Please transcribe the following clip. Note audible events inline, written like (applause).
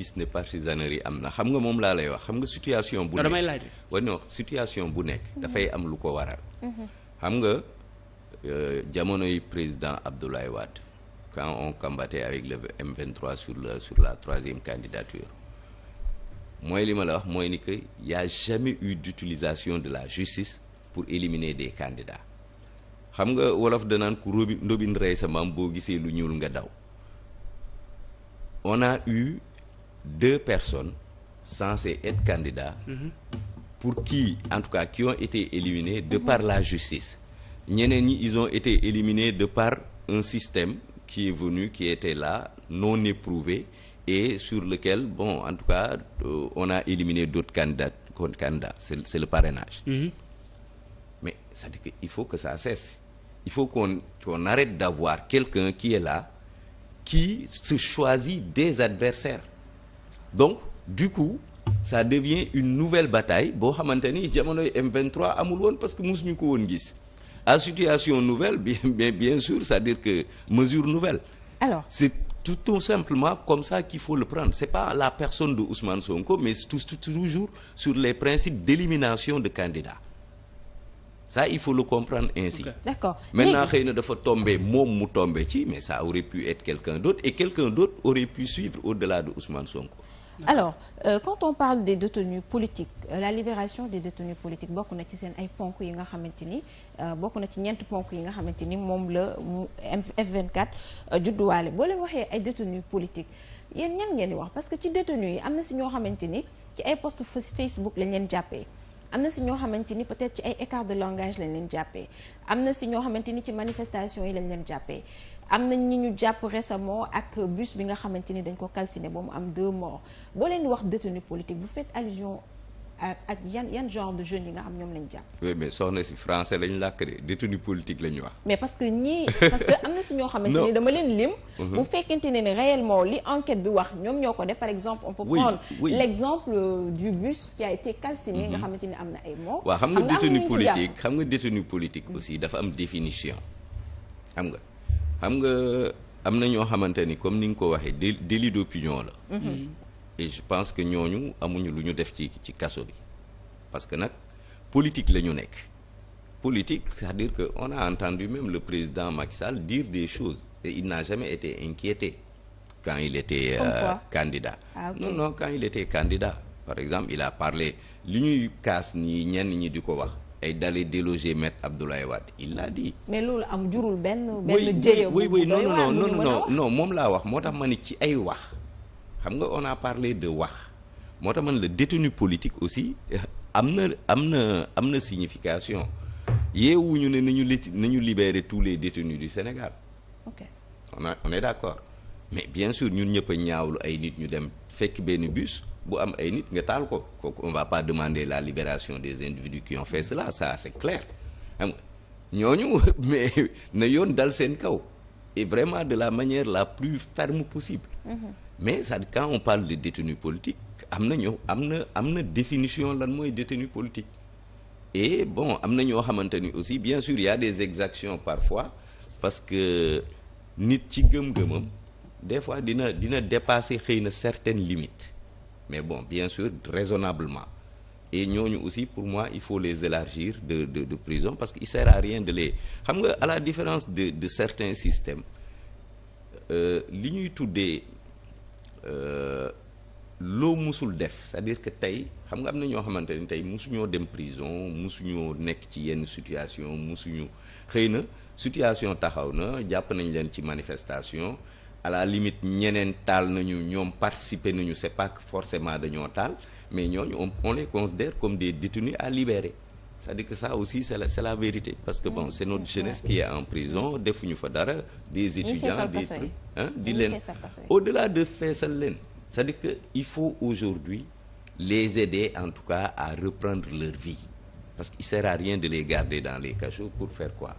gis ne partisanerie am na xam nga moom laa lay wax xam nga situation bu nekk wano situation bu nekk mhm. dafay am lu ko waral mhm. xam nga euh, jamonoy président Abdoulaye Wade quand on combattait avec le M23 sur le sur la troisième candidature mooy li ma la wax mooy ni que y a jamais eu d'utilisation de la justice pour éliminer des candidats xam nga wolof danaan ku ndobin rey sa maam boo gisee lu ñuul nga daw on a eu deux personnes censées être candidats pour qui en tout cas qui ont été éliminés de par la justice ñeneen ñi ils ont été éliminés de par un système qui est venu qui était là non éprouvé et sur lequel bon en tout cas euh, on a éliminé d'autres candidats c'est le parrainage mais ça dit que il faut que ça cesse il faut qu'on qu'on arrête d'avoir quelqu'un qui est là qui se choisit des adversaires donc du coup ça devient une nouvelle bataille boo xamante ni jamonoy M23 amul woon parce que mosuñu ko woon gis à situation nouvelle (laughs) bien bien bien sûr cest dire que mesure nouvelle. alors c'est tout, tout simplement comme ça qu'il faut le prendre c'est pas la personne de Ousmane Sonko mais tout, tout, toujours sur les principes d'élimination de candidats ça il faut le comprendre ainsi. Okay. d'accord maintenant xëy na dafa tombe moom mu tombé ci mais ça aurait pu être quelqu'un d'autre et quelqu'un d'autre aurait pu alors euh, quand on parle des détenus politiques euh, la libération des détenus politiques bokk na ci seen ay ponk yi nga xamante ni euh, bokk na ci ñeent ponk yi nga xamante ni moom la mu F24 euh, judduwaale boo leen waxee ay détenus politiques yéen ñan ngeen di wax parce que ci détenus yi am na si ñoo xamante ni ci ay post Facebook lañ leen jàppee am na si ñoo xamante ni peut-être ci ay écart de langage lañ leen jàppee am na si ñoo xamante ni ci manifestation yi lañ leen jàppee am na ñi ñu jàpp récemment ak bus bi nga xamante ni dañ ko calciné boo mu am deux morts boo leen wax détenu politique bu faites allusion ak yan yan genre de jeunes yi nga xam ñoom lañ jàpp. oui mais soxna si français lañ làkk de détenu politique la ñu wax. mais parce que ñii parce que am na si ñoo xamante ni dama leen lim. Mhm. bu fekkente ne ni réellement li enquête bi wax ñoom ñoo ko def par exemple. on peut prendre oui, euh, du bus qui a été calciné. nga mhm. xamante ni am na ay mots. waaw xam nga détenu politique xam nga détenu politique mhm. aussi dafa am définition. xam nga xam nga am na ñoo xamante ni comme ni nga ko waxee délit d'opinion la. et je pense que ñooñu amuñu lu ñu def ci ci kaso bi parce que nag politique la ñu nekk politique c'est-à-dire que on a entendu même le président Macky Sall dire des choses et il n'a jamais été inquiété quand il était euh, candidat ah, okay. non non quand il était candidat par exemple il a parlé li ñuy kaas nii ñenn ñi di ko wax ay d'aller déloger maître Abdoulaye Wade il l'a dit. mais loolu am jurul benn. benn jëye bu doy non non non non moom laa wax moo tax ma ni ci ay wax. xam nga on a parlé de wax moo tax man la détenu politique aussi euh, am na am na am na signification yeewuñu ne nañu li nañu libérer tous les détenus du Sénégal ok on a on est d'accord mais bien sûr ñun ñëpp a ñaawlu ay nit ñu dem fekk benn bus bu am ay nit nga taal ko kooku on va pas demander la libération des individus qui ont fait cela ça c'est clair xam nga ñooñu (laughs) mais na yoon dal seen kaw et vraiment de la manière la plus ferme possible mm-hmm. mais ça quand on parle de détenu politique am na ñëw am na am na définition lan mooy détenu politique et bon am na ñoo xamante ni aussi bien sûr il des exactions parfois parce que nit ci gëm-gëmam des fois dina dina dépasser xëy na certaines limites mais bon bien sûr raisonnablement et ñooñu aussi pour moi il faut les élargir de de de prison parce que il sert à rien de les xam nga à la différence de de certains systèmes euh, li ñuy tuddee Euh, loo musul def c'est-à-dire que tey xam nga am na ñoo xamante ni tey musuñoo dem prison musuñoo nekk ci yenn situation musuñu xëy na situation taxaw na jàpp nañu leen ci manifestation à la limite ñeneen taal nañu ñoom participer nañu c'est pas que forcément dañoo taal mais ñooñu on on les considère comme des détenus à libérer c'est-à-dire que ça aussi c'est la c'est la vérité parce que bon c'est notre mm-hmm. jeunesse qui est en prison defuñu fa dara des étudiants des trucs ah di leen au-delà de feesal leen c'est-à-dire il faut aujourd'hui les aider en tout cas à reprendre leur vie parce qu'il sert à rien de les garder dans les cachots pour faire quoi